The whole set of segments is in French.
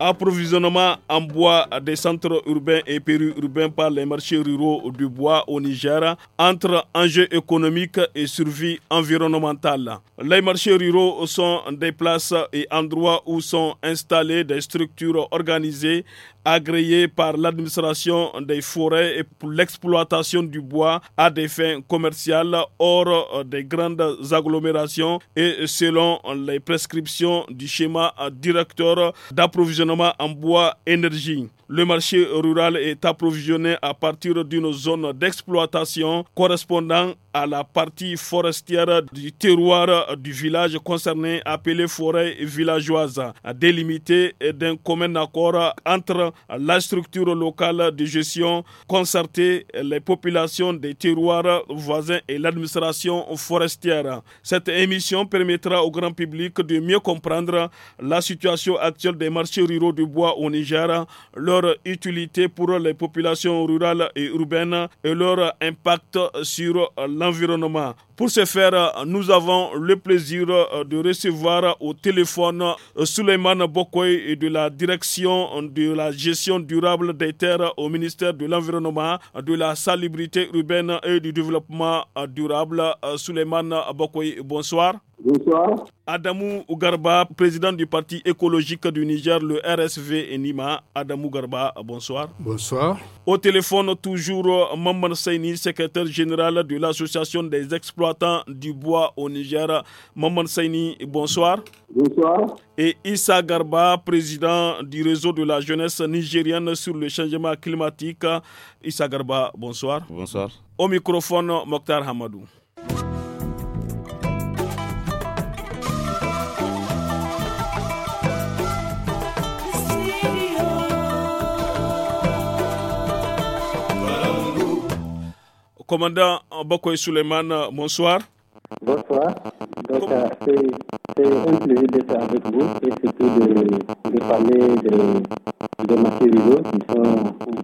Approvisionnement en bois des centres urbains et périurbains par les marchés ruraux du bois au Niger entre enjeux économiques et survie environnementale. Les marchés ruraux sont des places et endroits où sont installées des structures organisées agréé par l'administration des forêts et pour l'exploitation du bois à des fins commerciales hors des grandes agglomérations et selon les prescriptions du schéma directeur d'approvisionnement en bois énergie. Le marché rural est approvisionné à partir d'une zone d'exploitation correspondant à la partie forestière du terroir du village concerné appelé forêt villageoise, délimitée d'un commun accord entre la structure locale de gestion, concerter les populations des terroirs voisins et l'administration forestière. Cette émission permettra au grand public de mieux comprendre la situation actuelle des marchés ruraux du bois au Niger, leur utilité pour les populations rurales et urbaines et leur impact sur l'environnement. Pour ce faire, nous avons le plaisir euh, de recevoir au téléphone euh, Souleymane Bokoy de la direction euh, de la gestion durable des terres au ministère de l'Environnement, de la salubrité urbaine et du développement durable. Souleymane Bokoy, bonsoir. Bonsoir. Adamou Ougarba, président du Parti écologique du Niger, le RSV Nima. Adamou Garba, bonsoir. Bonsoir. Au téléphone, toujours Maman Saini, secrétaire général de l'Association des exploitants du bois au Niger. Maman Saini, bonsoir. Bonsoir. Et Issa Garba, président du réseau de la jeunesse nigérienne sur le changement climatique. Issa Garba, bonsoir. Bonsoir. Au microphone, Mokhtar Hamadou. commandant Bokoy Suleiman, bonsoir. Bonsoir. Donc, euh, c'est un plaisir d'être avec vous et surtout de, parler de, de matériaux qui sont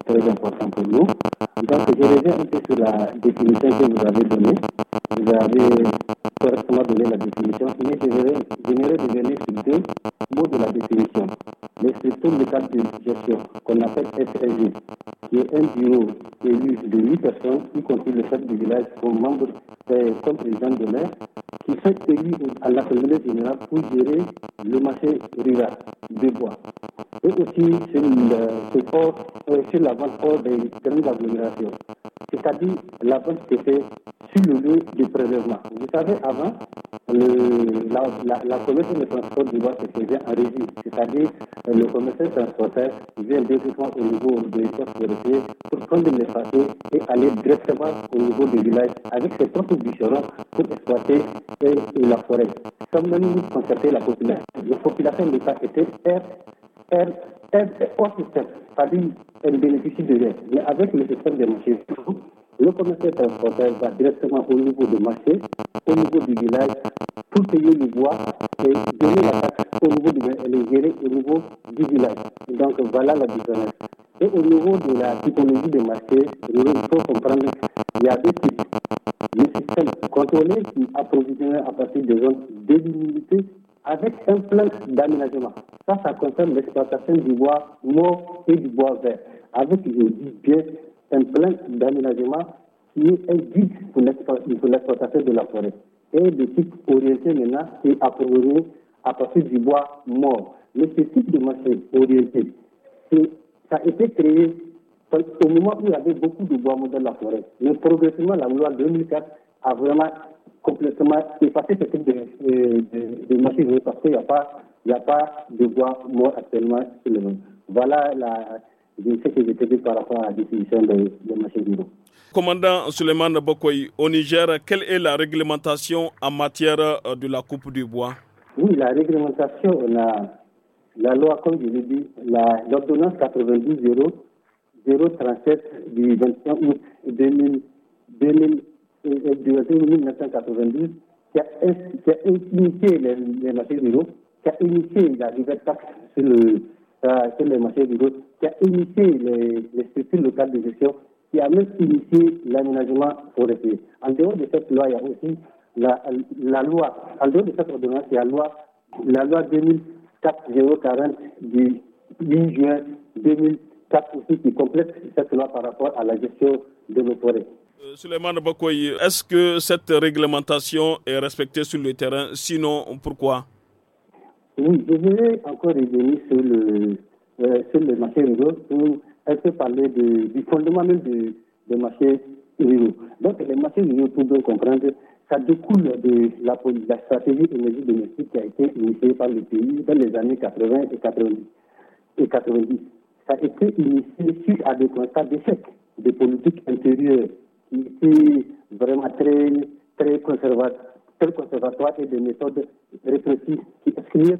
très importants pour nous. Donc, je reviens un peu sur la définition que vous avez donnée. Vous avez correctement donné la définition, mais je vais, je revenir sur deux mots de la définition sur le cadre de gestion qu'on appelle FSG, qui est un bureau élu de 8 personnes, y compris le chef du village, comme membre, euh, comme président de maire, qui fait que à l'Assemblée générale, pour gérer le marché rural des bois. Et aussi, c'est euh, la vente hors des termes d'agglomération. C'est-à-dire la vente qui faite sur le lieu du prélèvement. Vous savez, avant, la, la, la commerce de transport du bois se faisait en régie. C'est-à-dire, euh, le commerçant transporteur vient directement au niveau de postes pour prendre les messages et aller directement au niveau du village avec ses propres bûcherons pour exploiter et, la forêt. Comme nous avons constaté la population, la population de l'État était hors système, c'est-à-dire elle bénéficie de l'aide. Mais avec le système de marché, le commerce transporteur va directement au niveau du marché, au niveau du village, pour payer le bois et donner la taxe au niveau du gérer au niveau du village. Donc voilà la différence. Et au niveau de la typologie des marché, il faut comprendre qu'il y a deux types. Le système contrôlé qui approvisionne à partir des zones délimitées avec un plan d'aménagement. Ça, ça concerne l'exploitation du bois mort et du bois vert. Avec, je dis bien, un plan d'aménagement qui est un guide pour l'exploitation de la forêt et de type orienté maintenant et approuvé à partir du bois mort. Mais ce type de marché orienté, ça a été créé au moment où il y avait beaucoup de bois mort dans la forêt. Mais progressivement, la loi 2004 a vraiment complètement effacé ce type de, euh, de, marché parce qu'il n'y a, pas, a pas de bois mort actuellement sur le monde. Voilà la je sais que dit par rapport à la des Commandant Suleiman Bokoye au Niger, quelle est la réglementation en matière euh, de la coupe du bois Oui, la réglementation, la, loi, comme je l'ai dit, l'ordonnance 92-037 du 21 août 2000, 1992 euh, qui a, qui initié les, les bois, qui a initié la nouvelle taxe sur le qui a initié les, structures locales de gestion, qui a même initié l'aménagement forestier. En dehors de cette loi, il y a aussi la, la loi, en la loi, 2004-040 du 8 juin 2004 aussi qui complète cette loi par rapport à la gestion de nos forêts. Euh, Suleiman Bakoy, est-ce que cette réglementation est respectée sur le terrain Sinon, pourquoi oui, je voulais encore revenir sur le, euh, sur le marché rural pour un peu parler du fondement même du, du marché euro. Donc, le marché euro, pour bien comprendre, ça découle de la, la stratégie énergie domestique qui a été initiée par le pays dans les années 80 et 90. Et 90. Ça a été initié suite à des constats d'échec des politiques intérieures qui étaient vraiment très, très conservatrices tel conservatoire et des méthodes répressives qui excluaient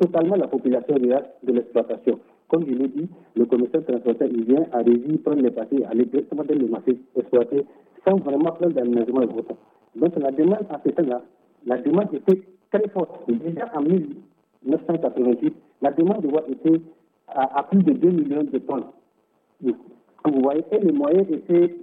totalement la population de l'exploitation. Comme je l'ai dit, le commissaire transporteur il vient à Régie prendre les passés à directement dans les marchés exploités sans vraiment prendre d'aménagement et Donc la demande à ce là la demande était très forte. Déjà en 1988, la demande de bois était à, plus de 2 millions de tonnes. Vous voyez, et les moyens étaient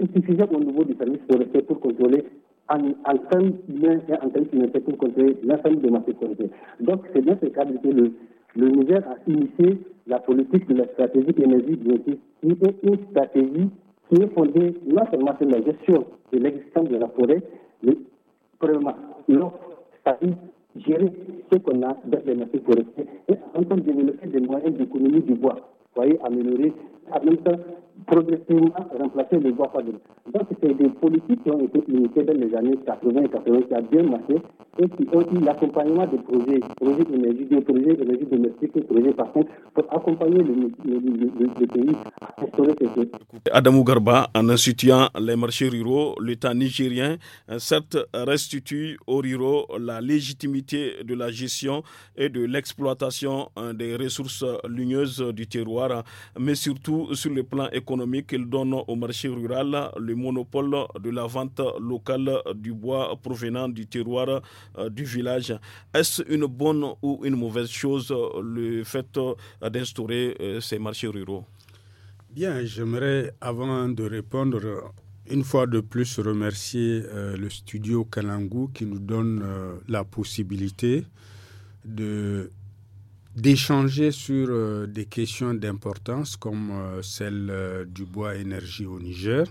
insuffisants au niveau du service forestier pour contrôler en, en tant qu'humain et en tant pour contrer l'ensemble de ma sécurité. Donc, c'est dans ce cadre que le, le Niger a initié la politique de la stratégie énergie biotique, qui est une stratégie qui est fondée non seulement sur la gestion de l'existence de la forêt, mais premièrement, l'offre, c'est-à-dire gérer ce qu'on a dans les massifs forestiers et en termes que développer des moyens d'économie du bois, vous voyez, améliorer, en même temps progressivement remplacer les voies Donc, c'est des politiques qui ont été initiées dans les années 80 et 80 qui a bien marché et qui ont eu l'accompagnement des projets, projets d'énergie, des projets d'énergie domestique, des projets par contre, pour accompagner le, le, le, pays à restaurer ces choses. Adamou Garba, en instituant les marchés ruraux, l'État nigérien, euh, certes, restitue aux ruraux la légitimité de la gestion et de l'exploitation euh, des ressources ligneuses du terroir, mais surtout sur le plan économique économique, donne au marché rural le monopole de la vente locale du bois provenant du terroir euh, du village. Est-ce une bonne ou une mauvaise chose le fait euh, d'instaurer euh, ces marchés ruraux Bien, j'aimerais avant de répondre une fois de plus remercier le studio Kalangu qui nous donne la possibilité de d'échanger sur euh, des questions d'importance comme euh, celle euh, du bois énergie au Niger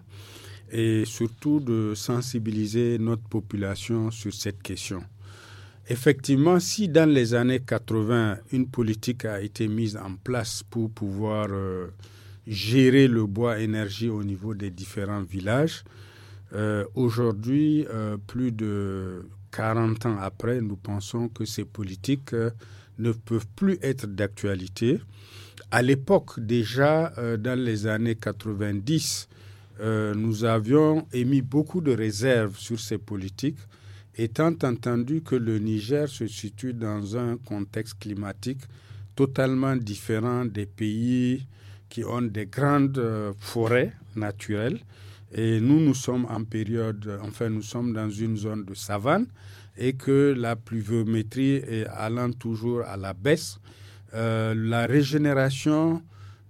et surtout de sensibiliser notre population sur cette question. Effectivement, si dans les années 80, une politique a été mise en place pour pouvoir gérer le bois énergie au niveau des différents villages, aujourd'hui, plus de 40 ans après, nous pensons que ces politiques ne peuvent plus être d'actualité. À l'époque, déjà euh, dans les années 90, euh, nous avions émis beaucoup de réserves sur ces politiques, étant entendu que le Niger se situe dans un contexte climatique totalement différent des pays qui ont des grandes euh, forêts naturelles. Et nous, nous sommes en période, enfin, nous sommes dans une zone de savane et que la pluviométrie est allant toujours à la baisse, euh, la régénération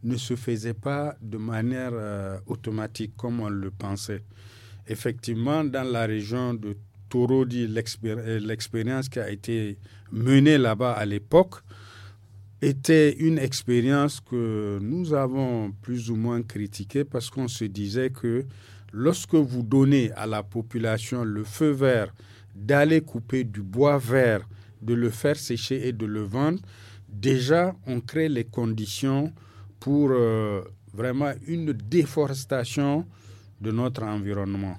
ne se faisait pas de manière euh, automatique comme on le pensait. Effectivement, dans la région de Torodi, euh, l'expérience qui a été menée là-bas à l'époque était une expérience que nous avons plus ou moins critiquée parce qu'on se disait que lorsque vous donnez à la population le feu vert d'aller couper du bois vert, de le faire sécher et de le vendre, déjà on crée les conditions pour euh, vraiment une déforestation de notre environnement.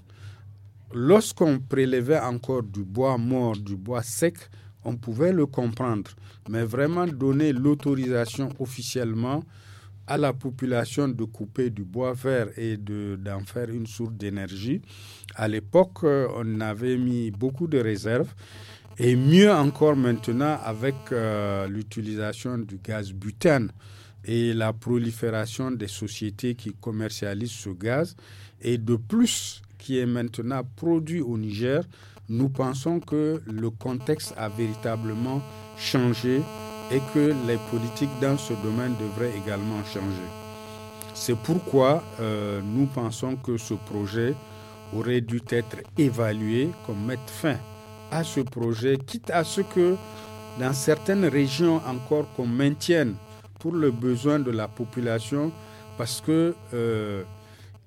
Lorsqu'on prélevait encore du bois mort, du bois sec, on pouvait le comprendre, mais vraiment donner l'autorisation officiellement, à la population de couper du bois vert et d'en faire une source d'énergie. À l'époque, euh, on avait mis beaucoup de réserves. Et mieux encore maintenant avec euh, l'utilisation du gaz butane et la prolifération des sociétés qui commercialisent ce gaz et de plus qui est maintenant produit au Niger, nous pensons que le contexte a véritablement changé et que les politiques dans ce domaine devraient également changer. C'est pourquoi euh, nous pensons que ce projet aurait dû être évalué comme mettre fin à ce projet, quitte à ce que dans certaines régions encore qu'on maintienne pour le besoin de la population, parce que euh,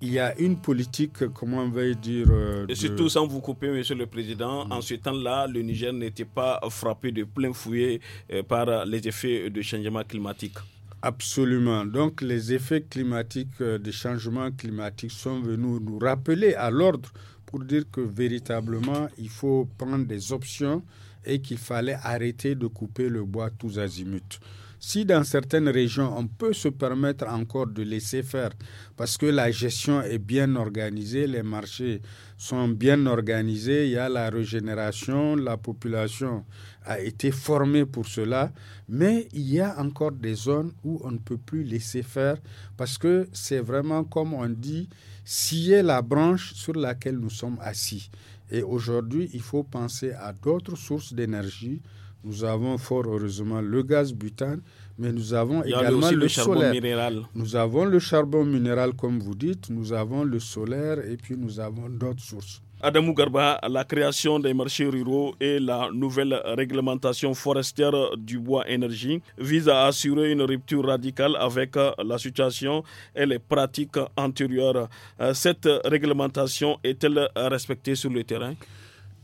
il y a une politique, comment on va dire. Euh, et surtout, sans vous couper, Monsieur le Président, en ce temps-là, le Niger n'était pas frappé de plein fouet euh, par les effets du changement climatique. Absolument. Donc, les effets climatiques, euh, des changements climatiques sont venus nous rappeler à l'ordre pour dire que véritablement, il faut prendre des options et qu'il fallait arrêter de couper le bois tous azimuts. Si dans certaines régions, on peut se permettre encore de laisser faire, parce que la gestion est bien organisée, les marchés sont bien organisés, il y a la régénération, la population a été formée pour cela, mais il y a encore des zones où on ne peut plus laisser faire, parce que c'est vraiment, comme on dit, scier la branche sur laquelle nous sommes assis. Et aujourd'hui, il faut penser à d'autres sources d'énergie nous avons fort heureusement le gaz butane, mais nous avons également le, charbon Minéral. Nous avons le charbon minéral, comme vous dites, nous avons le solaire et puis nous avons d'autres sources. Adamou Garba, la création des marchés ruraux et la nouvelle réglementation forestière du bois énergie vise à assurer une rupture radicale avec euh, la situation et les pratiques antérieures. Euh, cette réglementation est-elle respectée sur le terrain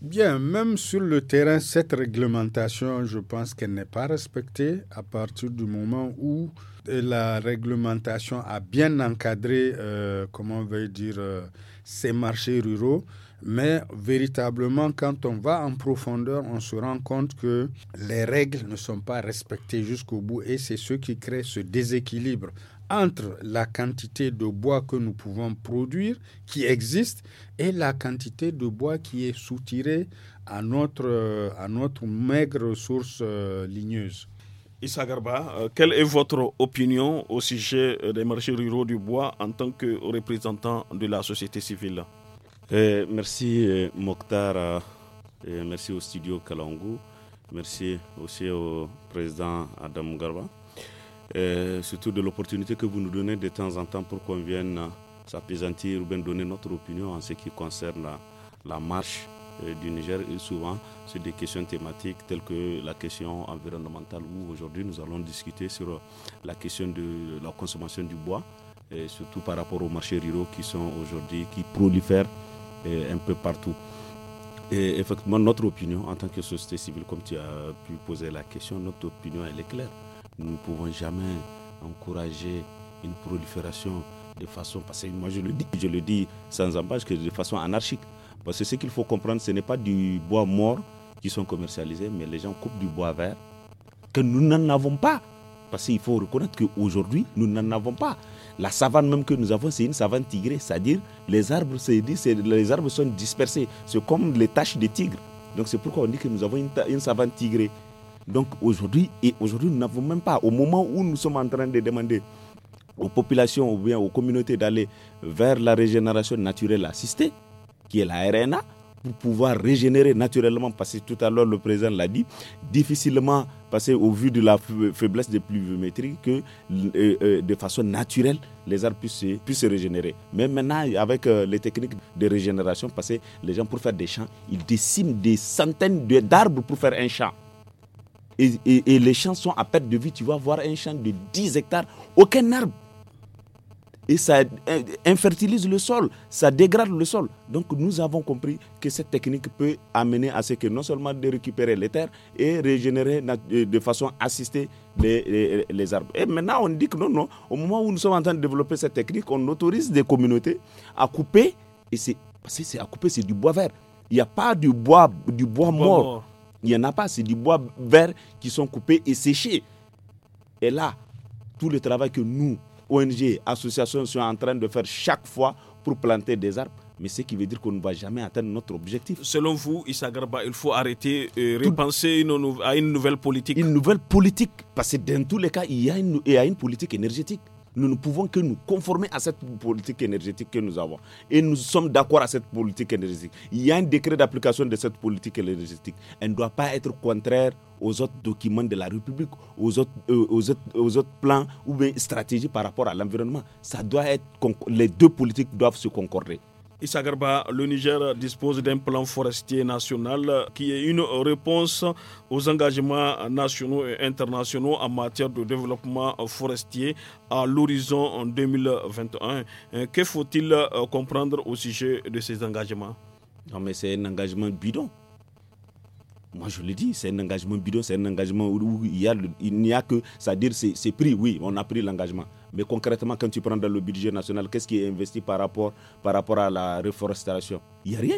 Bien, même sur le terrain, cette réglementation, je pense qu'elle n'est pas respectée à partir du moment où la réglementation a bien encadré, euh, comment on veut dire, euh, ces marchés ruraux. Mais véritablement, quand on va en profondeur, on se rend compte que les règles ne sont pas respectées jusqu'au bout et c'est ce qui crée ce déséquilibre entre la quantité de bois que nous pouvons produire, qui existe, et la quantité de bois qui est soutirée à notre, euh, à notre maigre source euh, ligneuse. Issa Garba, euh, quelle est votre opinion au sujet des marchés ruraux du bois en tant que représentant de la société civile Merci Mokhtar, merci au studio Kalangu, merci aussi au président Adam Garba. Euh, surtout de l'opportunité que vous nous donnez de temps en temps pour qu'on vienne euh, s'apaisantir ou bien donner notre opinion en ce qui concerne euh, la, marche du Niger et souvent sur des questions thématiques telles que la question environnementale où aujourd'hui nous allons discuter sur la question de la consommation du bois et surtout par rapport aux marchés ruraux qui sont aujourd'hui, qui prolifèrent un peu partout. Et effectivement, notre opinion en tant que société civile, comme tu as pu poser la question, notre opinion elle est claire. Nous ne pouvons jamais encourager une prolifération de façon, parce que moi je le dis, je le dis sans embâche, que de façon anarchique. Parce que ce qu'il faut comprendre, ce n'est pas du bois mort qui sont commercialisés, mais les gens coupent du bois vert, que nous n'en avons pas. Parce qu'il faut reconnaître qu'aujourd'hui, nous n'en avons pas. La savane même que nous avons, c'est une savane tigrée, c'est-à-dire les arbres, les arbres sont dispersés. C'est comme les taches des tigres. Donc c'est pourquoi on dit que nous avons une savane tigrée. Donc aujourd'hui, et aujourd'hui, nous n'avons même pas, au moment où nous sommes en train de demander aux populations ou bien aux communautés d'aller vers la régénération naturelle assistée, qui est la RNA, pour pouvoir régénérer naturellement, parce que tout à l'heure le président l'a dit, difficilement, parce qu'au vu de la faiblesse des pluviométries, que euh, euh, de façon naturelle, les arbres puissent, se régénérer. Mais maintenant, avec euh, les techniques de régénération, parce que les gens, pour faire des champs, ils déciment des centaines d'arbres pour faire un champ et, les champs sont à perte de vie, Tu vas voir un champ de 10 hectares, aucun arbre. Et ça infertilise le sol, ça dégrade le sol. Donc nous avons compris que cette technique peut amener à ce que non seulement de récupérer les terres et régénérer euh, de façon assistée les, les, arbres. Et maintenant on dit que non, non, au moment où nous sommes en train de développer cette technique, on autorise des communautés à couper, et c'est, c'est à couper, c'est du bois vert. Il n'y a pas du bois, du bois, mort il n'y en a pas, c'est du bois vert qui sont coupés et séchés. Et là, tout le travail que nous, ONG, associations, sommes en train de faire chaque fois pour planter des arbres, mais ce qui veut dire qu'on ne va jamais atteindre notre objectif. Selon vous, Issa Garba, il faut arrêter, et euh, repenser à une nouvelle politique. Une nouvelle politique, parce que dans tous les cas, il y il y a une politique énergétique nous ne pouvons que nous conformer à cette politique énergétique que nous avons. Et nous sommes d'accord à cette politique énergétique. Il y a un décret d'application de cette politique énergétique. Elle ne doit pas être contraire aux autres documents de la République, aux autres, euh, plans ou bien stratégies par rapport à l'environnement. Ça doit être les deux politiques doivent se concorder. Issa le Niger dispose d'un plan forestier national qui est une réponse aux engagements nationaux et internationaux en matière de développement forestier à l'horizon 2021. Que faut-il euh, comprendre au sujet de ces engagements Non, mais c'est un engagement bidon. Moi, je le dis, c'est un engagement bidon, c'est un engagement où il n'y a, a, que, c'est-à-dire, c'est pris, oui, on a pris l'engagement. Mais concrètement, quand tu prends dans le budget national, qu'est-ce qui est investi par rapport, par rapport à la reforestation Il n'y a rien.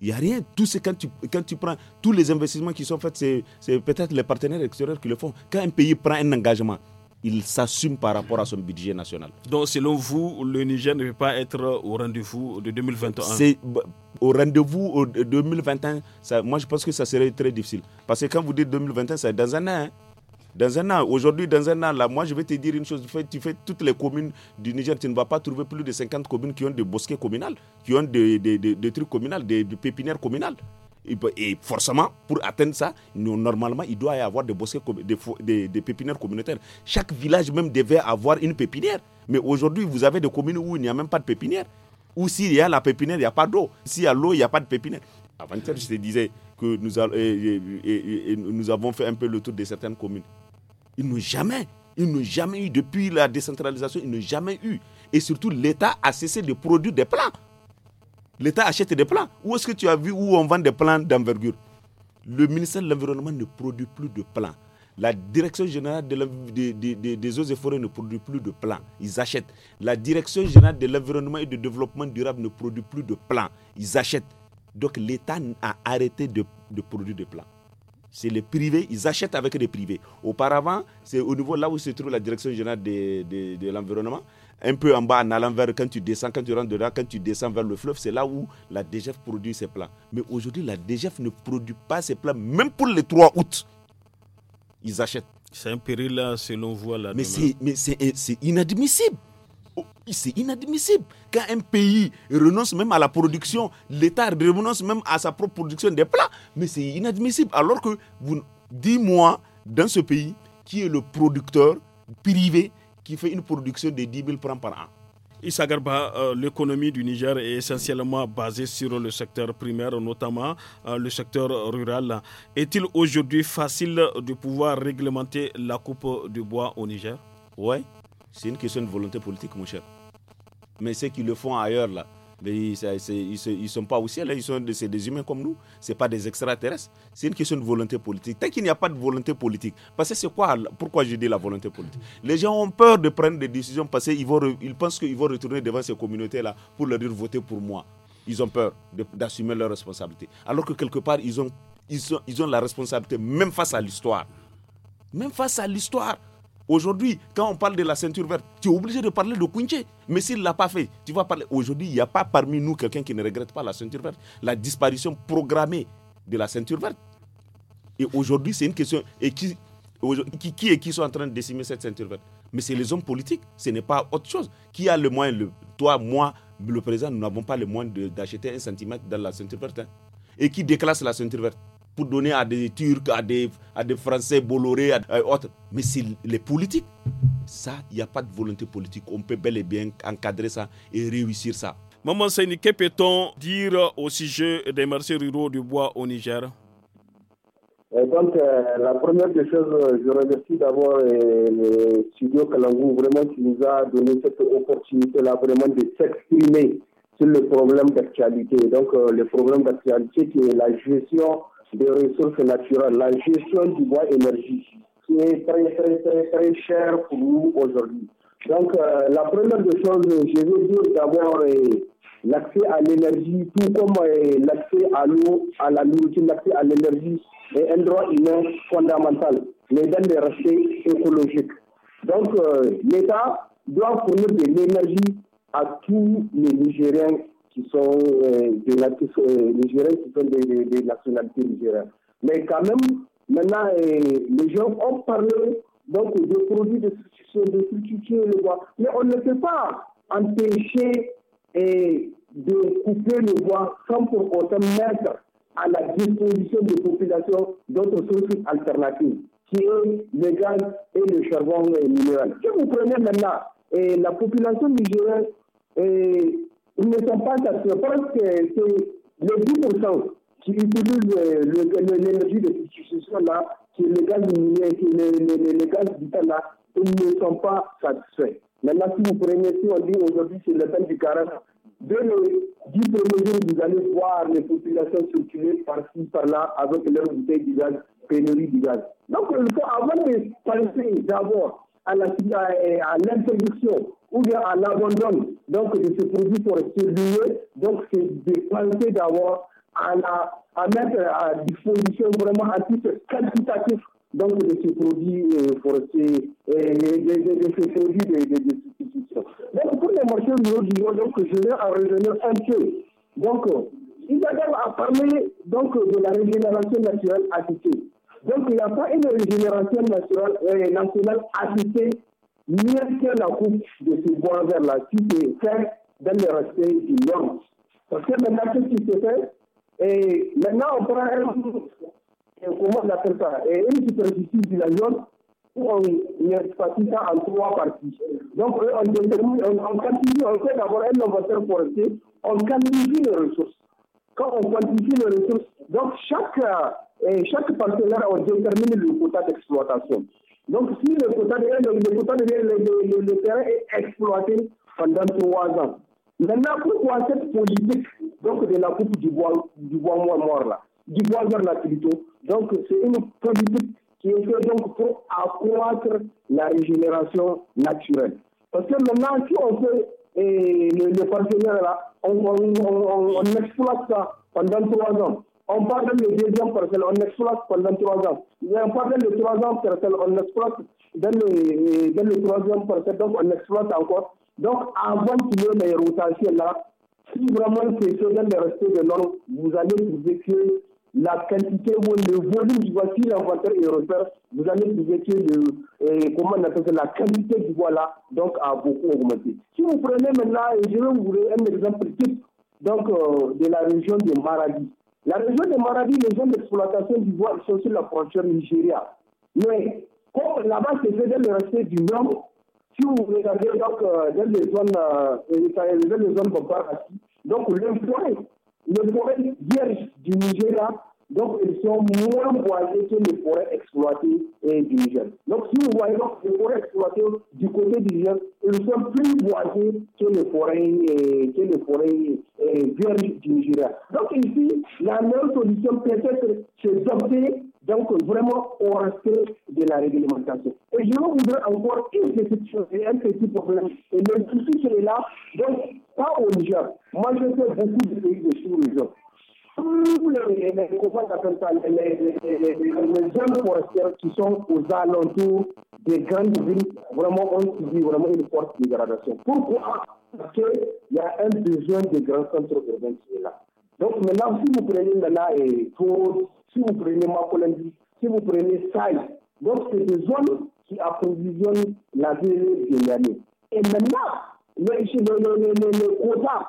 Il n'y a rien. Tout ce, quand, tu, quand tu prends tous les investissements qui sont faits, c'est peut-être les partenaires extérieurs qui le font. Quand un pays prend un engagement, il s'assume par rapport à son budget national. Donc, selon vous, le Niger ne peut pas être au rendez-vous de 2021 bah, au rendez-vous de 2021. moi, je pense que ça serait très difficile. Parce que quand vous dites 2021, c'est dans un an. Hein. Dans un an, aujourd'hui, dans un an, là, moi, je vais te dire une chose. Tu fais, toutes les communes du Niger, tu ne vas pas trouver plus de 50 communes qui ont des bosquets communaux, qui ont des, trucs communaux, des, pépinières communales. Et, forcément, pour atteindre ça, normalement, il doit y avoir des bosquets, des, des pépinières communautaires. Chaque village même devait avoir une pépinière. Mais aujourd'hui, vous avez des communes où il n'y a même pas de pépinière. Ou s'il y a la pépinière, il n'y a pas d'eau. S'il y a l'eau, il n'y a pas de pépinière. Avant-hier, je te disais que nous avons fait un peu le tour de certaines communes. Ils n'ont jamais. Ils n'ont jamais eu, depuis la décentralisation, ils n'ont jamais eu. Et surtout, l'État a cessé de produire des plans. L'État achète des plans. Où est-ce que tu as vu où on vend des plans d'envergure Le ministère de l'Environnement ne produit plus de plans. La direction générale des eaux et forêts ne produit plus de plans. Ils achètent. La direction générale de l'environnement et du développement durable ne produit plus de plans. Ils achètent. Donc l'État a arrêté de, de produire des plans c'est les privés, ils achètent avec les privés. Auparavant, c'est au niveau là où se trouve la direction générale de, l'environnement, un peu en bas, en allant vers, quand tu descends, quand tu rentres dedans, quand tu descends vers le fleuve, c'est là où la DGF produit ses plans. Mais aujourd'hui, la DGF ne produit pas ses plans, même pour les 3 août. Ils achètent. C'est un péril là, selon vous. Là, mais c'est inadmissible. Oh, c'est inadmissible. Quand un pays renonce même à la production, l'État renonce même à sa propre production des plats, mais c'est inadmissible. Alors que, vous, dis-moi, dans ce pays, qui est le producteur privé qui fait une production de 10 000 francs par an Issa Garba, euh, l'économie du Niger est essentiellement basée sur le secteur primaire, notamment euh, le secteur rural. Est-il aujourd'hui facile de pouvoir réglementer la coupe de bois au Niger Oui, c'est une question de volonté politique, mon cher. Mais ceux qui le font ailleurs, là, ils ne sont pas aussi... ciel, hein. ils sont des, des humains comme nous, ce pas des extraterrestres. C'est une question de volonté politique. Tant qu'il n'y a pas de volonté politique, parce c'est quoi, pourquoi je dis la volonté politique Les gens ont peur de prendre des décisions parce qu'ils ils pensent qu'ils vont retourner devant ces communautés-là pour leur dire votez pour moi. Ils ont peur d'assumer leurs responsabilités. Alors que quelque part, ils ont, ils, ils ont la responsabilité même face à l'histoire. Même face à l'histoire. Aujourd'hui, quand on parle de la ceinture verte, tu es obligé de parler de Kounche. Mais s'il ne l'a pas fait, tu vas parler. Aujourd'hui, il n'y a pas parmi nous quelqu'un qui ne regrette pas la ceinture verte. La disparition programmée de la ceinture verte. Et aujourd'hui, c'est une question. Et qui, qui, qui qui sont en train de décimer cette ceinture verte Mais c'est les hommes politiques, ce n'est pas autre chose. Qui a le moyen le, Toi, moi, le président, nous n'avons pas le moyen d'acheter un centimètre dans la ceinture verte. Hein? Et qui déclasse la ceinture verte pour donner à des Turcs, à des, à des Français Bolloré, à, euh, autres. Mais c'est les politiques. Ça, il n'y a pas de volonté politique. On peut bel et bien encadrer ça et réussir ça. Maman Saini, que peut-on dire au sujet des marchés ruraux du bois au Niger eh, donc, euh, la première des choses, je remercie d'avoir euh, le studio Kalangou, vraiment, qui nous a donné cette opportunité-là, vraiment, de s'exprimer sur le problème d'actualité. Donc, le problème d'actualité qui est la gestion des ressources naturelles, la gestion du bois énergie, qui est très, très, très, très cher pour nous aujourd'hui. Donc, euh, la première des choses, je veux dire d'abord euh, l'accès à l'énergie, tout comme euh, l'accès à l'eau, à la nourriture, l'accès à l'énergie est un droit humain fondamental, mais dans des restes écologiques. Donc, l'État doit fournir de l'énergie à tous les Nigériens euh, euh, qui sont des qui sont des, nationalités nigériennes. Mais quand même, maintenant, euh, les gens ont parlé donc de produits de substitution, de le bois. Mais on ne peut pas empêcher et de couper le bois sans pour autant mettre à la disposition des populations d'autres sources alternatives, qui est le gaz et le charbon minéral. Si vous prenez maintenant et la population nigérienne, ils ne sont pas satisfaits. parce que c'est les 10% qui utilisent euh, l'énergie de substitution-là, qui est le gaz minier, qui là ils ne sont pas satisfaits. Maintenant, si vous prenez, si on dit aujourd'hui c'est le temps du caractère, dès nos 10 vous allez voir les populations circuler par-ci, par-là, avec leur bouteille du gaz, pénurie du gaz. Donc, il faut avant de penser d'abord à l'introduction ou bien à l'abandon donc de ces produits forestiers lieu donc c'est de penser d'avoir à, mettre à disposition vraiment à titre quantitatif donc de ces produits forestiers et de, ces produits de, substitution. Donc pour les marchés l'eau donc je vais en revenir un peu. Donc Isabelle a parlé donc de la régénération naturelle assistée. Donc, il n'y a pas une régénération nationale, euh, nationale mieux que la coupe de ce bois vers la qui est faire dans le respect du monde. Parce que maintenant, ce qui se fait, et maintenant, on prend un, euh, comment on appelle ça, et une superficie de la zone où on est ça en trois parties. Donc, euh, on continue on, fait d'abord un inventaire forestier, on quantifie les ressources. Quand on quantifie les ressources, donc chaque et chaque partenaire détermine le quota d'exploitation. Donc, si le quota de, terrain est exploité pendant trois ans, maintenant, pourquoi cette politique donc, de la coupe du bois, du bois mort là, du bois mort là plutôt, donc c'est une politique qui est faite donc pour accroître la régénération naturelle. Parce que maintenant, si on fait eh, le, partenaire là, on, on, on exploite ça pendant trois ans, on parle le deuxième parcelle, on exploite pendant trois ans. on parle de troisième parcelle, on exploite dans le, troisième parcelle, donc on exploite encore. Donc avant qu'il y ait les rotations là, si vraiment c'est dans le respect de normes, vous allez vous que la quantité ou le volume du voici si l'inventaire est repère, vous allez vous que eh, comment la qualité du voilà, donc a beaucoup augmenté. Si vous prenez maintenant, je vais vous donner un exemple type donc, euh, de la région de Maradi. La région de Maradi, les zones d'exploitation d'Ivoire sont sur la frontière Nigeria. Mais comme là-bas, c'est le reste du monde, si vous regardez donc, les zones, euh, dans les zones euh, donc l'emploi, le forêt vierge du Nigeria donc, ils sont moins boisés que les forêts exploitées du Niger. Donc, si vous voyez les forêts exploitées du côté du Niger, ils sont plus boisés que les forêts, euh, que les forêts euh, vierges du Nigeria. Donc, ici, la meilleure solution peut-être, c'est d'opter donc vraiment au respect de la réglementation. Et je voudrais encore une petite chose, un petit problème. Et le souci, c'est là, donc, pas au Niger. Moi, je fais beaucoup de pays de sous-région tous les, les, jeunes forestiers qui sont aux alentours des grandes villes, vraiment, ont vraiment une forte dégradation. Pourquoi Parce qu'il y a un besoin de grands centres urbains qui est là. Donc maintenant, si vous prenez Nana et Tours, si vous prenez Makolandi, si vous prenez Sky, donc c'est des zones qui approvisionnent la ville de l'année. Et maintenant, les, les, les, les quotas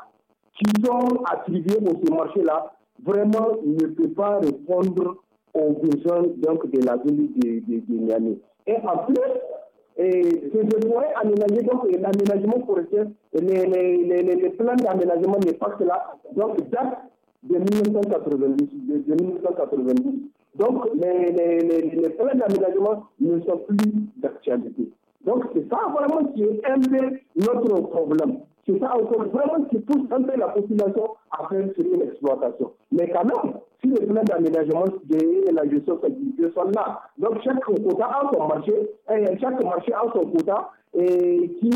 qui sont attribués pour ce marché-là vraiment ne peut pas répondre aux besoins donc, de la ville de, de, de Niamey. Et en plus, le moyen aménagé, donc l'aménagement forestier, les, les, les, plans d'aménagement n'est pas cela, donc date de 1990. De, Donc les, les, les plans d'aménagement ne sont plus d'actualité. Donc c'est ça vraiment qui est un peu notre problème. C'est ça encore vraiment qui pousse un peu la population à faire une exploitation. Mais quand même, si les plan d'aménagement et la gestion sont là, donc chaque quota a son marché, et chaque marché a son quota et qui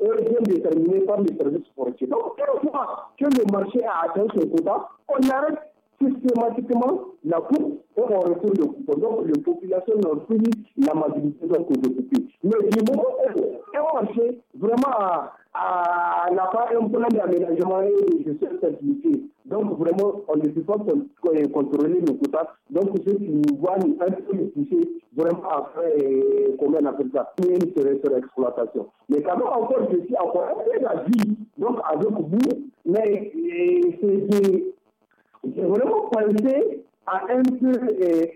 est déterminé par les services forestiers. Donc, une fois que le marché a atteint son quota, on arrête systématiquement la coupe et on retourne le coupon. Donc les populations n'ont plus l'amabilité donc couper. Mais du moment où on marché vraiment à, n'a pas un problème d'aménagement et de gestion donc vraiment on ne peut pas contrôler le quotas. Donc ceux qui nous voient un peu touchés vraiment après, euh, comment on appelle ça, sur, l'exploitation Mais quand même encore, je suis encore un peu la vie, donc avec vous, mais euh, c'est j'ai vraiment pensé à un peu eh,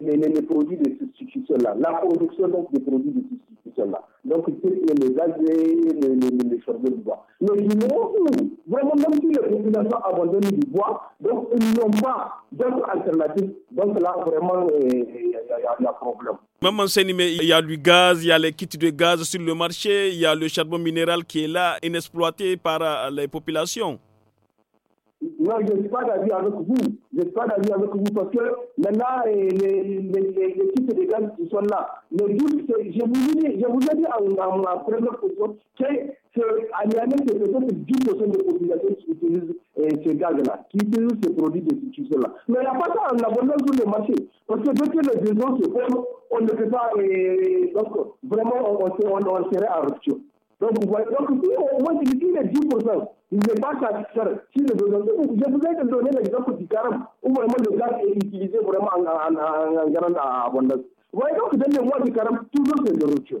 les, produits de substitution-là, la production donc des produits de substitution-là. Donc, c'est les gaz, les, les, les choses de bois. Mais vraiment, même si les populations abandonnent du bois, donc ils n'ont pas d'autres alternatives. Donc là, vraiment, euh, il y, a y, problème. Même en mais il y a du gaz, il y a les kits de gaz sur le marché, il y a le charbon minéral qui est là, inexploité par euh, les populations. Non, je ne suis pas d'avis avec vous. Je ne pas d'avis avec vous parce que maintenant, eh, les, types de gaz qui sont là, je vous, ai, je vous dit en, en, en première question que y c'est peut-être 10% de population qui utilise eh, ces gaz-là, qui utilise ces produits de situation là Mais il n'y a pas ça en abondance sur le marché. Parce que dès que les gens se font... on ne peut pas. Eh, vraiment, on, on serait en rupture. Donc, vous voyez, si au moins il les 10%, il n'est pas satisfait sur le besoin. Je vous ai donné l'exemple du carême, où vraiment le gaz est utilisé vraiment en, en, en, en grande abondance. Vous voyez donc, dans les mois du carême, toujours c'est de rupture.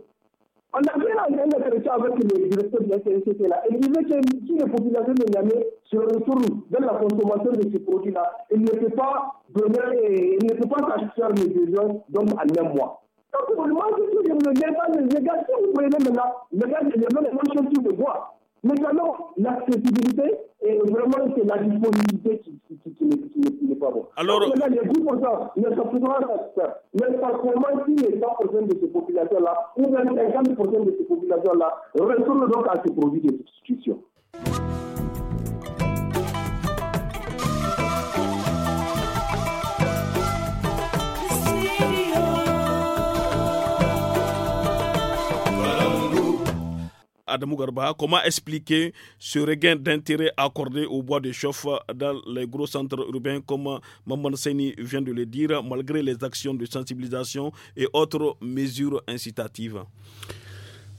On a bien entendu l'entretien avec le directeur de la CNCT là. Il disait que si les populations de Niamey se retournent dans la consommation de ces produits-là, ils ne peuvent pas donner, il ne pas satisfaire les besoins donc en un mois. Donc pour moi, je suis le débat les égards. Si vous prenez maintenant, les gars, c'est la même sur le bois. Mais alors, l'accessibilité, et vraiment, c'est la disponibilité qui, qui, qui, qui n'est pas bonne. Alors, Donc, là, les 10%, ne sont plus grands Mais par comment si les 100% de ces populations-là, ou même 50% de ces populations-là, retournent donc à ces produits de substitution. Adamou Garba, comment expliquer ce regain d'intérêt accordé au bois de chauffe dans les gros centres urbains, comme Maman Seni vient de le dire, malgré les actions de sensibilisation et autres mesures incitatives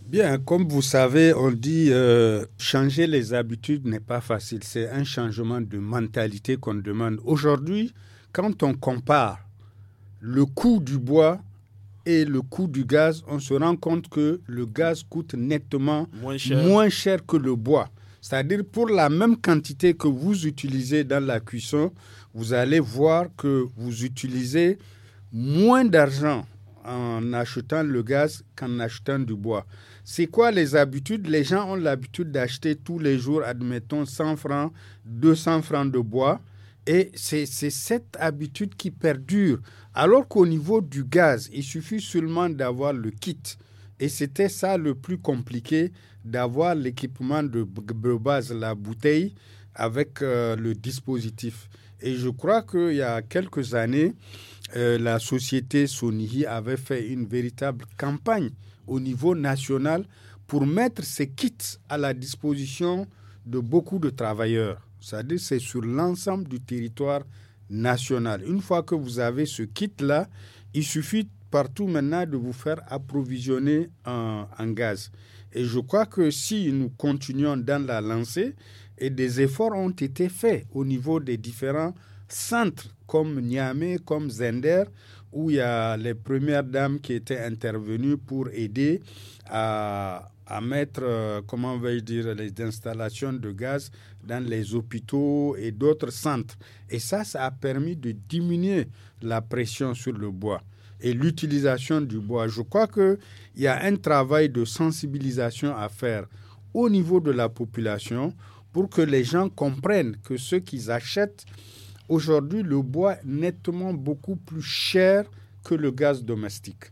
Bien, comme vous savez, on dit euh, changer les habitudes n'est pas facile. C'est un changement de mentalité qu'on demande. Aujourd'hui, quand on compare le coût du bois et le coût du gaz, on se rend compte que le gaz coûte nettement moins cher, que le bois. C'est-à-dire pour la même quantité que vous utilisez dans la cuisson, vous allez voir que vous utilisez moins d'argent en achetant le gaz qu'en achetant du bois. C'est quoi les habitudes Les gens ont l'habitude d'acheter tous les jours, admettons, 100 francs, 200 francs de bois et c'est cette habitude qui perdure. Alors qu'au niveau du gaz, il suffit seulement d'avoir le kit. Et c'était ça le plus compliqué, d'avoir l'équipement de, base, la bouteille, avec euh, le dispositif. Et je crois qu'il y a quelques années, euh, la société Sonihi avait fait une véritable campagne au niveau national pour mettre ces kits à la disposition de beaucoup de travailleurs. C'est-à-dire c'est sur l'ensemble du territoire national. Une fois que vous avez ce kit-là, il suffit partout maintenant de vous faire approvisionner en, gaz. Et je crois que si nous continuons dans la lancée, et des efforts ont été faits au niveau des différents centres comme Niamey, comme Zender, où il y a les premières dames qui étaient intervenues pour aider à, à mettre, euh, comment vais-je dire, les installations de gaz dans les hôpitaux et d'autres centres. Et ça, ça a permis de diminuer la pression sur le bois et l'utilisation du bois. Je crois qu'il y a un travail de sensibilisation à faire au niveau de la population pour que les gens comprennent que ce qu'ils achètent, aujourd'hui, le bois nettement beaucoup plus cher que le gaz domestique.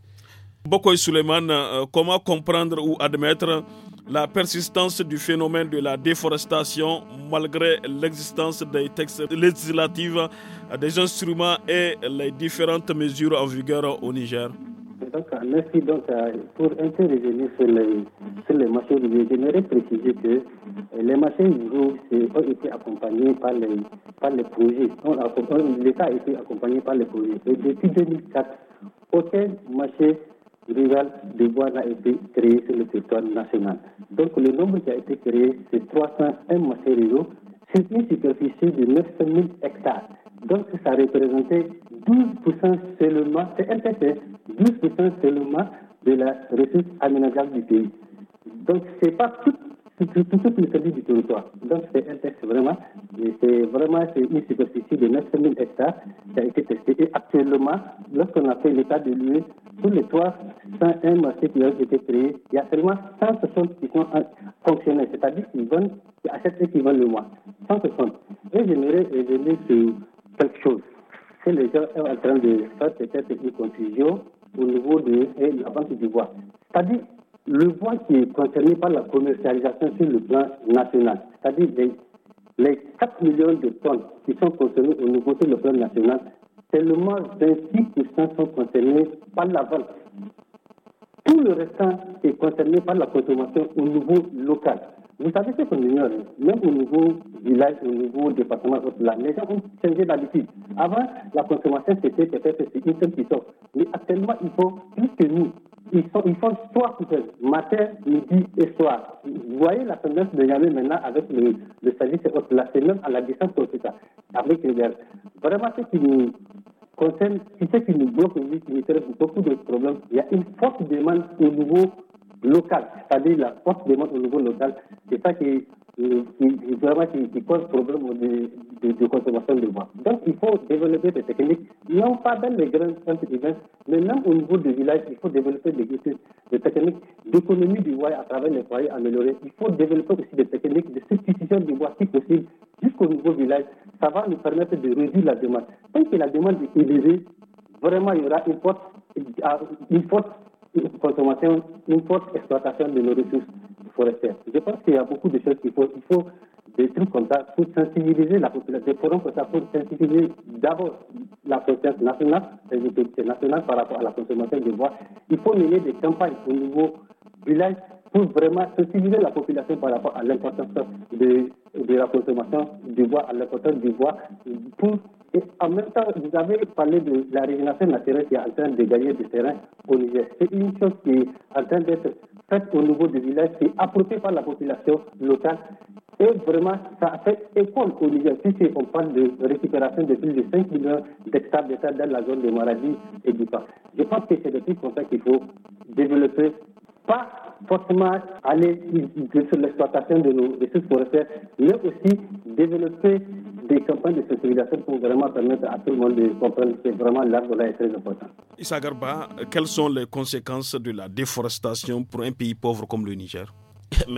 Bokoy Suleiman, euh, comment comprendre ou admettre la persistance du phénomène de la déforestation malgré l'existence des textes législatifs, des instruments et les différentes mesures en vigueur au Niger. Donc, merci. Donc, euh, pour un peu revenir sur les, sur les marchés ouvriers, j'aimerais préciser que euh, les marchés ouvriers ont été accompagnés par les, par les projets. L'État a été accompagné par les projets. depuis 2004, aucun marché Rival de Bois a été créé sur le territoire national. Donc le nombre qui a été créé, c'est 301 mois sur une superficie de 900 000 hectares. Donc ça représentait 12% seulement, c'est le' 12% seulement de la ressource aménageable du pays. Donc c'est pas tout tout, toute l'étendue du territoire. Donc c'est un test vraiment, c'est vraiment une superficie de 9000 hectares qui a été testée. Et actuellement, lorsqu'on a fait l'état de lieu, tous les trois, 101 marchés qui ont été créés, il y a seulement personnes qui sont fonctionnels, c'est-à-dire qu'ils qui achètent et qui vendent le mois. personnes. Et j'aimerais revenir quelque chose C'est les gens sont en train de faire peut-être une confusion au niveau de la banque du bois. C'est-à-dire, le point qui est concerné par la commercialisation sur le plan national, c'est-à-dire les, 4 millions de tonnes qui sont concernées au niveau sur le plan national, seulement 26% sont concernés par la vente. Tout le restant est concerné par la consommation au niveau local. Vous savez que ce qu'on ignore, hein? même au niveau village, au niveau département, les gens ont changé d'habitude. Avant, la consommation, c'était peut-être une seule qui sort. Mais actuellement, il faut plus que nous ils, sont, ils font trois matin, midi et soir. Vous voyez la tendance de Yamé maintenant avec le, le service et autres. Là, c'est même à la distance ça, avec les Vraiment, ce qui nous concerne, ce qui nous bloque, qui nous intéresse beaucoup de problèmes, il y a une forte demande au niveau local, c'est-à-dire la forte demande au niveau local. C'est ça qui qui, vraiment qui, problème de, consommation de bois. Donc il faut développer des techniques, non pas dans les grands centres mais même au niveau du village, il faut développer des, des techniques d'économie du bois à travers les foyers améliorés. Il faut développer aussi des techniques de substitution du bois si possible jusqu'au niveau village. Ça va nous permettre de réduire la demande. Tant que la demande est élevée, vraiment il y aura une forte, une forte consommation, une forte exploitation de nos ressources forestières. Je pense qu'il y a beaucoup de choses qu'il faut. Il faut des trucs comme ça pour sensibiliser la population, des sensibiliser d'abord la conscience nationale, les autorités nationales par rapport à la consommation de bois. Il faut mener des campagnes au niveau village pour vraiment sensibiliser la population par rapport à l'importance de, de, la consommation du bois, à l'importance du bois, pour et en même temps, vous avez parlé de la régénération naturelle qui est en train de gagner du terrain au Niger. C'est une chose qui est en train d'être faite au niveau du village, qui est apportée par la population locale. Et vraiment, ça fait école au Niger. Si on parle de récupération de plus de 5 millions d'hectares d'État dans la zone de Maradi et du Pas. Je pense que c'est depuis pour ça qu'il faut développer pas forcément aller sur l'exploitation de nos ressources forestières, mais aussi développer des campagnes de sensibilisation pour vraiment permettre à tout le monde de comprendre que vraiment larbre est très important. Issa Garba, quelles sont les conséquences de la déforestation pour un pays pauvre comme le Niger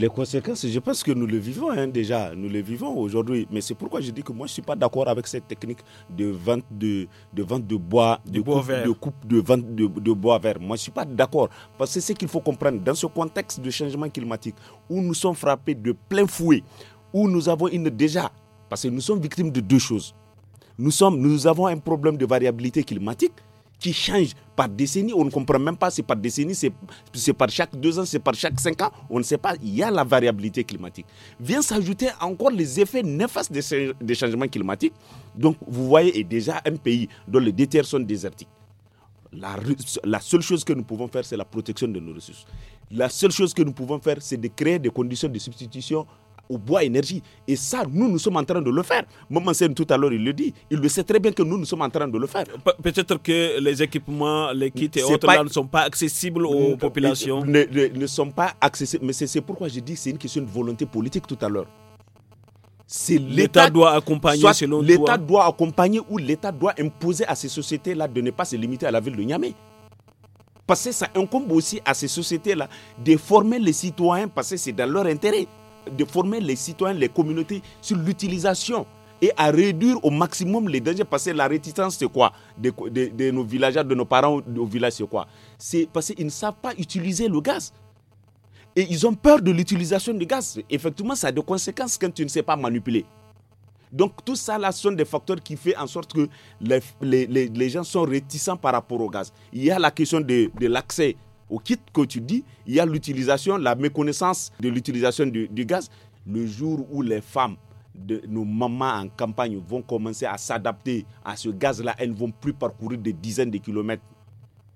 Les conséquences, je pense que nous le vivons hein, déjà, nous le vivons aujourd'hui. Mais c'est pourquoi je dis que moi, je ne suis pas d'accord avec cette technique de vente de, vente de bois, de, vert. de coupe de vente de, bois vert. Moi, je ne suis pas d'accord. Parce que c'est ce qu'il faut comprendre dans ce contexte de changement climatique où nous sommes frappés de plein fouet, où nous avons une déjà, parce que nous sommes victimes de deux choses. Nous, sommes, nous avons un problème de variabilité climatique qui change par décennie. On ne comprend même pas si par décennie, c'est par chaque deux ans, c'est par chaque cinq ans. On ne sait pas. Il y a la variabilité climatique. Vient s'ajouter encore les effets néfastes des, changements climatiques. Donc, vous voyez, est déjà un pays dont les deux sont désertiques. La, la, seule chose que nous pouvons faire, c'est la protection de nos ressources. La seule chose que nous pouvons faire, c'est de créer des conditions de substitution au bois énergie. Et ça, nous, nous sommes en train de le faire. Maman Sen, tout à l'heure, il le dit. Il le sait très bien que nous, nous sommes en train de le faire. Peut-être que les équipements, les kits et autres là, ne sont pas accessibles aux populations. Ne, sont pas accessibles. Mais c'est pourquoi je dis que c'est une question de volonté politique tout à l'heure. C'est l'État doit accompagner selon L'État doit accompagner ou l'État doit imposer à ces sociétés-là de ne pas se limiter à la ville de Niamey. Parce que ça incombe aussi à ces sociétés-là de former les citoyens parce que c'est dans leur intérêt de former les citoyens, les communautés sur l'utilisation et à réduire au maximum les dangers. Parce que la réticence, c'est quoi de, nos villageois, de nos parents au village, c'est quoi C'est parce qu'ils ne savent pas utiliser le gaz. Et ils ont peur de l'utilisation du gaz. Effectivement, ça a des conséquences quand tu ne sais pas manipuler. Donc tout ça, là, sont des facteurs qui font en sorte que les, les, les, gens sont réticents par rapport au gaz. Il y a la question de, de l'accès au kit que tu dis, il y a l'utilisation, la méconnaissance de l'utilisation du, gaz. Le jour où les femmes, de, nos mamans en campagne vont commencer à s'adapter à ce gaz-là, elles ne vont plus parcourir des dizaines de kilomètres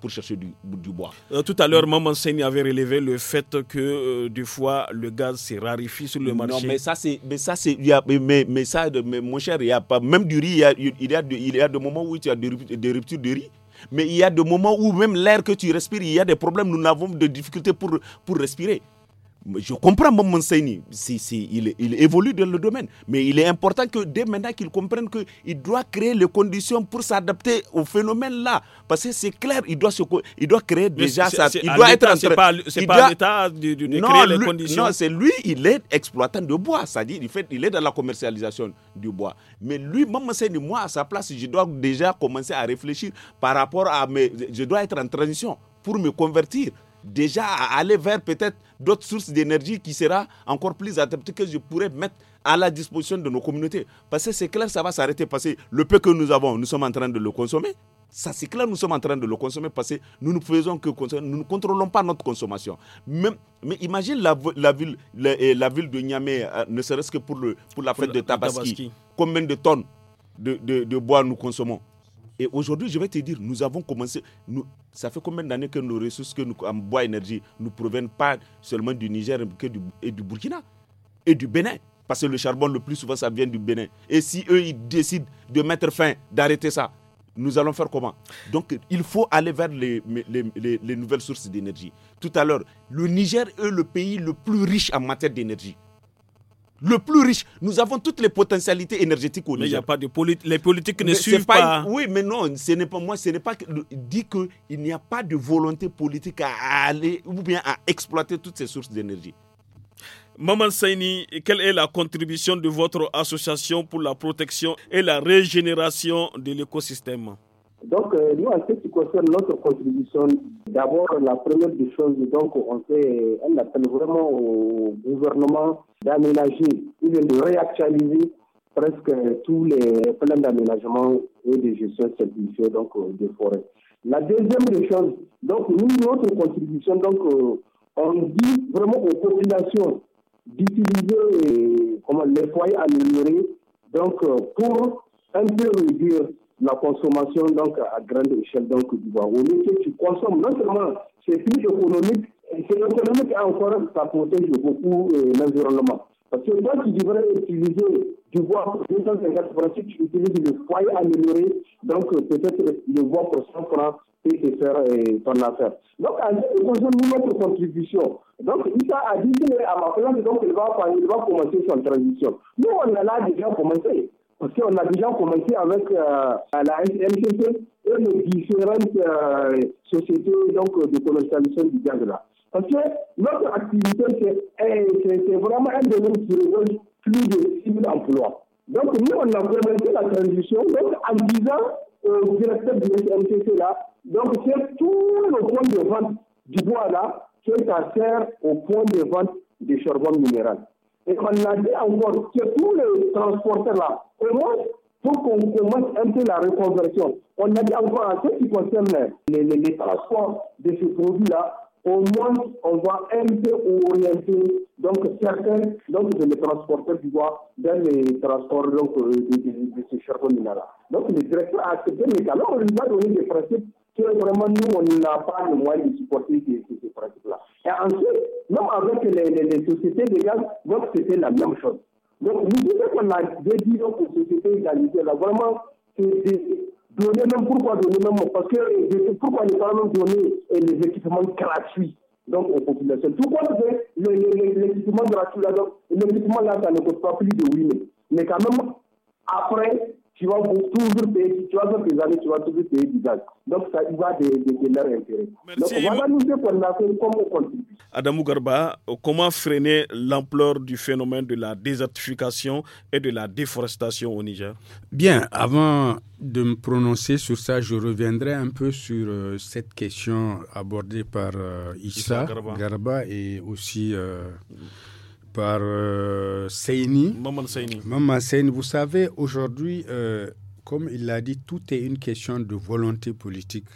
pour chercher du, du bois. Euh, tout à l'heure, Maman Seigne avait relevé le fait que euh, des fois le gaz s'est raréfie sur le marché. Non, mais ça, c'est, mais ça, c'est, mais, ça, mon cher, il y a pas, même du riz, il y a, il y a, il y a des moments où des ruptures de riz mais il y a des moments où même l'air que tu respires, il y a des problèmes. Nous n'avons de difficultés pour, pour respirer je comprends mon si il, il, évolue dans le domaine, mais il est important que dès maintenant qu'il comprenne qu'il doit créer les conditions pour s'adapter au phénomène là, parce que c'est clair, il doit, il doit créer déjà ça, il doit être C'est pas, pas l'État de, créer les conditions. Non, c'est lui, il est exploitant de bois, c'est-à-dire il, fait, il est dans la commercialisation du bois. Mais lui, mon Saini, moi à sa place, je dois déjà commencer à réfléchir par rapport à je dois être en transition pour me convertir déjà à aller vers peut-être d'autres sources d'énergie qui sera encore plus adaptée que je pourrais mettre à la disposition de nos communautés. Parce que c'est clair, ça va s'arrêter. Parce que le peu que nous avons, nous sommes en train de le consommer. Ça, c'est clair, nous sommes en train de le consommer parce que nous ne faisons que Nous ne contrôlons pas notre consommation. Même, mais imagine la, ville, la, ville de Niamey, euh, ne serait-ce que pour, pour la fête de Tabaski. Combien de tonnes de bois nous consommons et aujourd'hui, je vais te dire, nous avons commencé, ça fait combien d'années que nos ressources que nous, en bois énergie ne proviennent pas seulement du Niger et du Burkina et du Bénin. Parce que le charbon, le plus souvent, ça vient du Bénin. Et si eux, ils décident de mettre fin, d'arrêter ça, nous allons faire comment Donc, il faut aller vers les nouvelles sources d'énergie. Tout à l'heure, le Niger est le pays le plus riche en matière d'énergie le plus riche. Nous avons toutes les potentialités énergétiques au Niger. Mais il n'y a pas de politique. Les politiques ne suivent pas, hein. Oui, mais non, ce n'est pas moi. Ce n'est pas dit qu'il n'y a pas de volonté politique à aller ou bien à exploiter toutes ces sources d'énergie. Maman Saini, quelle est la contribution de votre association pour la protection et la régénération de l'écosystème donc, euh, nous, en ce qui concerne notre contribution, d'abord, la première des choses, donc, on fait un appel vraiment au gouvernement d'aménager, de réactualiser presque tous les plans d'aménagement et de gestion certifiée donc, euh, des forêts. La deuxième des choses, donc, nous, notre contribution, donc, euh, on dit vraiment aux populations d'utiliser les foyers améliorés, donc, pour un peu réduire la consommation donc à grande échelle donc du bois. Au lieu que tu consommes, non seulement c'est plus économique, c'est économique encore, ça protège beaucoup euh, l'environnement. Parce que toi, tu devrais utiliser du bois pour 250 francs, tu utilises le foyer amélioré, donc peut-être le bois pour 100 francs et faire euh, ton affaire. Donc, en ce qui concerne notre contribution, donc il a dit à ma donc il va, il va commencer son transition. Nous, on a là déjà commencé. Parce qu'on a déjà commencé avec euh, la SMCC et les différentes euh, sociétés donc, de commercialisation du gaz là. Parce que notre activité, c'est eh, vraiment un domaine qui plus de 6 000 emplois. Donc nous, on a commencé la transition donc, en disant au directeur la SMCC là, donc c'est tout le point de vente du bois là qui est à faire au point de vente des charbons minéraux. Et on a dit encore que tous les transporteurs-là, au moins, pour qu'on commence un peu la reconversion. On a dit encore en ce qui concerne les, les, transports de ce produit-là, au moins on va un peu orienter donc certains donc les transporteurs du bois dans les transports donc euh, de, de, ce là. Donc le directeur a accepté mais alors on lui a donné des principes que vraiment nous, on n'a pas le moyen de supporter ces, pratiques-là. Et ensuite, même avec les, sociétés de gaz, donc c'était la même chose. Donc, nous disons qu'on a dédié aux sociétés égalisées, là, vraiment, c'est donner même, pourquoi donner même, parce que euh, pourquoi ne pas même donner euh, les équipements gratuits donc, aux populations. Pourquoi compte fait, l'équipement gratuit, là, donc, l'équipement là, ça ne coûte pas plus de 8 000. Mais quand même, après, tu vas toujours payer, tu vas années, tu vas toujours payer du gaz. Donc ça y va de, de, de leur intérêt. Merci. Donc voilà nous ce qu'on a comment on continue. Adam Garba, comment freiner l'ampleur du phénomène de la désertification et de la déforestation au Niger Bien, avant de me prononcer sur ça, je reviendrai un peu sur euh, cette question abordée par euh, Issa, Issa Garba. Garba. et aussi euh, mm par euh, Seini. Maman Seini. Maman Seini, vous savez, aujourd'hui, euh, comme il l'a dit, tout est une question de volonté politique.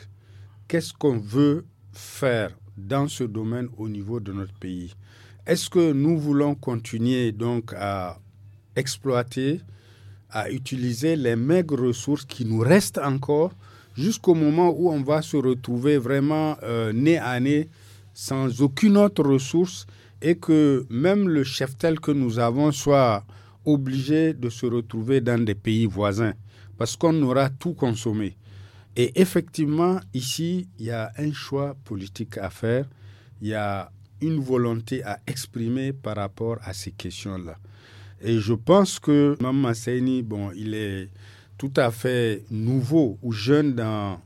Qu'est-ce qu'on veut faire dans ce domaine au niveau de notre pays Est-ce que nous voulons continuer donc à exploiter, à utiliser les maigres ressources qui nous restent encore jusqu'au moment où on va se retrouver vraiment euh, nez à nez sans aucune autre ressource et que même le chef tel que nous avons soit obligé de se retrouver dans des pays voisins parce qu'on aura tout consommé. Et effectivement, ici, il y a un choix politique à faire, il y a une volonté à exprimer par rapport à ces questions-là. Et je pense que Mme Seini, bon, il est tout à fait nouveau ou jeune dans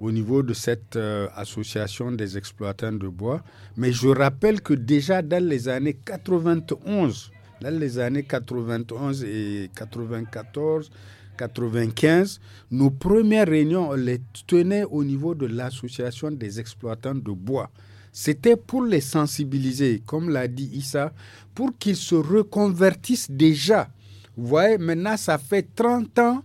au niveau de cette euh, association des exploitants de bois. Mais je rappelle que déjà dans les années 91, dans les années 91 et 94, 95, nos premières réunions, on les tenait au niveau de l'association des exploitants de bois. C'était pour les sensibiliser, comme l'a dit Issa, pour qu'ils se reconvertissent déjà. Vous voyez, maintenant, ça fait 30 ans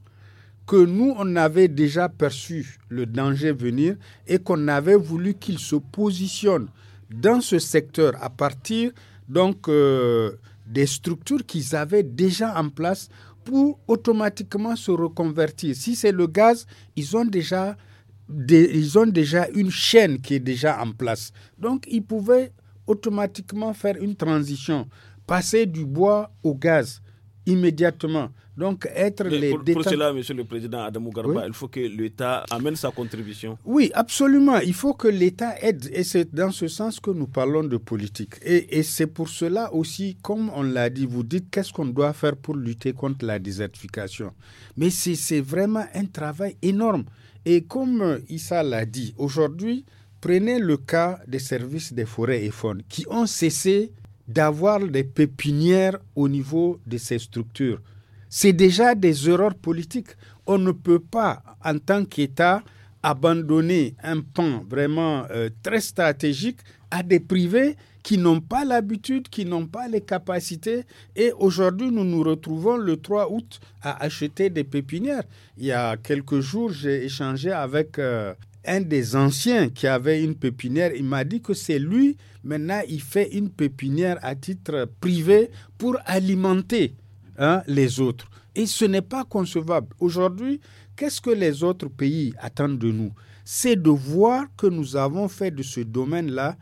que nous, on avait déjà perçu le danger venir et qu'on avait voulu qu'ils se positionnent dans ce secteur à partir donc euh, des structures qu'ils avaient déjà en place pour automatiquement se reconvertir. Si c'est le gaz, ils ont déjà des, ils ont déjà une chaîne qui est déjà en place. Donc ils pouvaient automatiquement faire une transition, passer du bois au gaz immédiatement. Donc, être les pour, cela, Monsieur le Président Adamou Garba, il faut que l'État amène sa contribution. Oui, absolument. Il faut que l'État aide. Et c'est dans ce sens que nous parlons de politique. Et, et c'est pour cela aussi, comme on l'a dit, vous dites qu'est-ce qu'on doit faire pour lutter contre la désertification. Mais c'est vraiment un travail énorme. Et comme Issa l'a dit, aujourd'hui, prenez le cas des services des forêts et faunes qui ont cessé d'avoir des pépinières au niveau de ces structures. C'est déjà des erreurs politiques. On ne peut pas, en tant qu'État, abandonner un pan vraiment euh, très stratégique à des privés qui n'ont pas l'habitude, qui n'ont pas les capacités. Et aujourd'hui, nous nous retrouvons le 3 août à acheter des pépinières. Il y a quelques jours, j'ai échangé avec euh, un des anciens qui avait une pépinière. Il m'a dit que c'est lui Maintenant, il fait une pépinière à titre privé pour alimenter hein, les autres. Et ce n'est pas concevable. Aujourd'hui, qu'est-ce que les autres pays attendent de nous C'est de voir que nous avons fait de ce domaine-là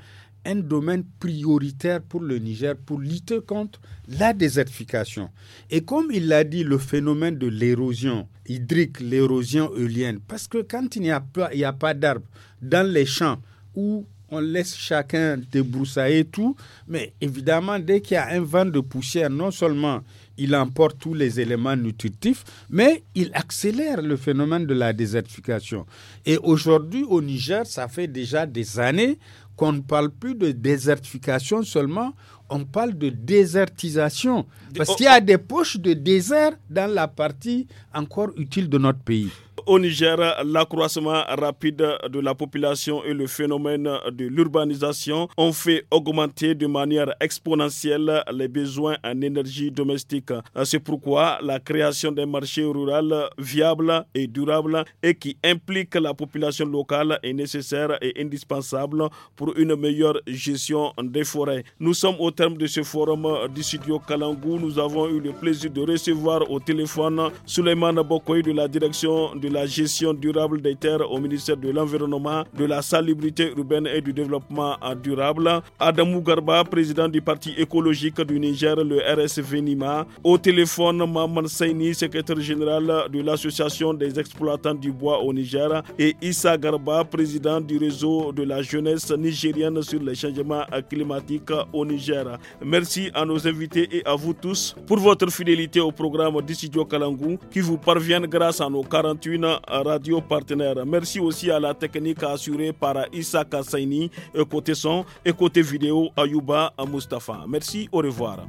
un domaine prioritaire pour le Niger pour lutter contre la désertification. Et comme il l'a dit, le phénomène de l'érosion hydrique, l'érosion éolienne, parce que quand il n'y a pas, pas d'arbres dans les champs où on laisse chacun débroussailler tout, mais évidemment, dès qu'il y a un vent de poussière, non seulement il emporte tous les éléments nutritifs, mais il accélère le phénomène de la désertification. Et aujourd'hui, au Niger, ça fait déjà des années qu'on ne parle plus de désertification seulement, on parle de désertisation. Parce oh, qu'il y a oh. des poches de désert dans la partie encore utile de notre pays au Niger, l'accroissement rapide de la population et le phénomène de l'urbanisation ont fait augmenter de manière exponentielle les besoins en énergie domestique. C'est pourquoi la création d'un marché rural viable et durable et qui implique la population locale est nécessaire et indispensable pour une meilleure gestion des forêts. Nous sommes au terme de ce forum du studio Kalangou. Nous avons eu le plaisir de recevoir au téléphone Suleiman Bokoy de la direction de la la gestion durable des terres au ministère de l'Environnement, de la salubrité urbaine et du développement durable. Adamou Garba, président du Parti écologique du Niger, le RSV Nima. Au téléphone, Maman Saini, secrétaire général de l'Association des exploitants du bois au Niger. Et Issa Garba, président du réseau de la jeunesse nigérienne sur les changements climatiques au Niger. Merci à nos invités et à vous tous pour votre fidélité au programme d'Issidio Kalangu qui vous parvient grâce à nos 41 radio partenaire. Merci aussi à la technique assurée par Issa Kassaini, côté son et côté vidéo Ayouba Mustafa. Merci, au revoir.